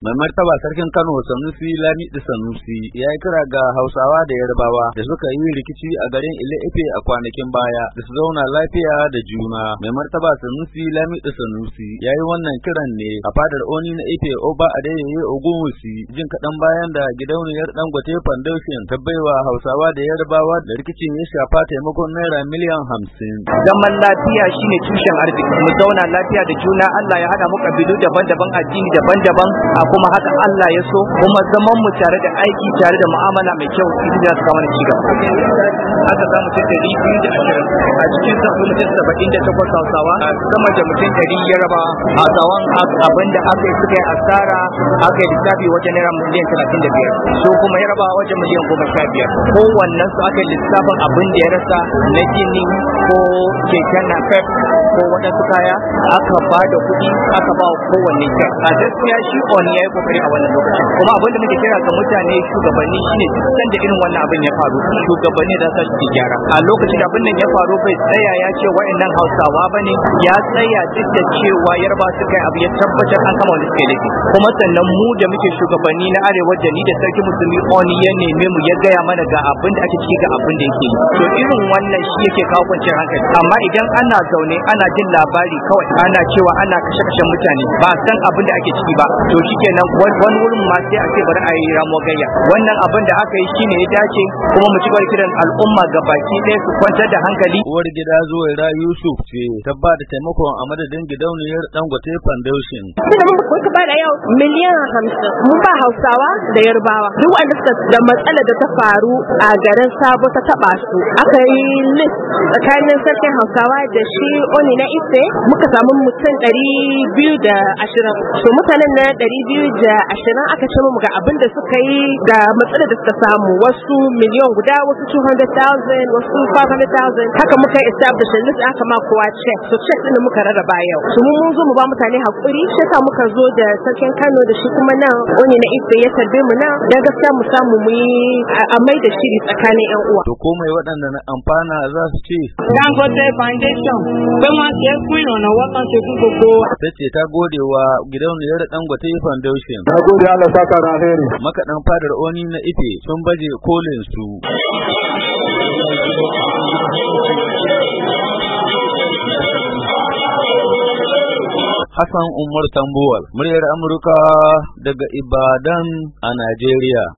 mai martaba sarkin kano sanusi lamidi sanusi ya yi kira ga hausawa da yarbawa da suka yi rikici a garin ile ife a kwanakin baya da su zauna lafiya da juna mai martaba sanusi lamidi sanusi ya yi wannan kiran ne a fadar oni na ife oba yayi ogunwusi jin kaɗan bayan da gidauniyar dangote foundation ta baiwa hausawa da yarbawa da rikicin ya shafa taimakon naira miliyan hamsin. zaman lafiya shine tushen arziki mu zauna lafiya da juna allah ya hada mu kabilu daban-daban addini daban-daban kuma haka Allah ya so kuma zaman mu tare da aiki tare da mu'amala mai kyau ita za ta kama ci gaba haka za mu ce da biyu da ashirin a cikin sa kuma ce saba'in da takwas hausawa sama da mutum ɗari yaraba a tsawon abin da aka yi suka yi asara aka yi lissafi wajen naira miliyan talatin da biyar so kuma yaraba wajen miliyan goma sha biyar kowannen su aka yi lissafin abin da ya rasa na gini ko keken na fef ko waɗansu kaya aka ba da kuɗi aka ba wa kowanne a gaskiya shi on ya yi kokari a wannan lokacin kuma abin da muke kira ga mutane shugabanni shine san da irin wannan abin ya faru shugabanni da za su gyara a lokacin da abin nan ya faru bai tsaya ya ce wa'annan Hausawa ne? ya tsaya duk da cewa yarba su kai abu ya tabbatar an kama wani suke kuma sannan mu da muke shugabanni na arewa da ni da sarki musulmi oni ya neme mu ya gaya mana ga abin da ake ciki ga abin da yake to irin wannan shi yake kawo kwanciyar hankali amma idan ana zaune ana jin labari kawai ana cewa ana kashe-kashen mutane ba san abin da ake ciki ba to shi nan wani wurin ma sai a ce bari a yi ramo gayya wannan abin da aka yi shine ya dace kuma mu ci gaba kiran al'umma ga baki ɗaya su kwantar da hankali uwar gida ra yusuf ce ta ba da taimakon a madadin gidauniyar dangote foundation tunda mun kuka ba da yau miliyan hamsin mun ba hausawa da yarbawa duk wanda suka da matsala da ta faru a garin sabo ta taba su aka yi list tsakanin sarkin hausawa da shi oni na ife muka samu mutum ɗari biyu da ashirin to mutanen na ɗari biyu biyu da ashirin aka ce mu ga abin da suka yi ga matsalar da suka samu wasu miliyan guda wasu 200,000 wasu 500,000 haka muka establish list aka ma kowa check so check din muka rarraba yau su mun zo mu ba mutane hakuri shi ka muka zo da sarkin Kano da shi kuma nan wani na ife ya tarbe mu nan da gaskiya mu samu mu yi a mai da shiri tsakanin yan uwa to komai waɗanda na amfana za su ce Dan gode Foundation kuma ke kuino na wakan ce kun gogo tace ta gode wa gidan da Dangote Foundation Daushin. Na gode Allah saka na alheri. Makaɗan fadar Oni na Ife sun baje kolin su. Hassan Umar Tambuwal, muryar Amurka daga Ibadan a Najeriya.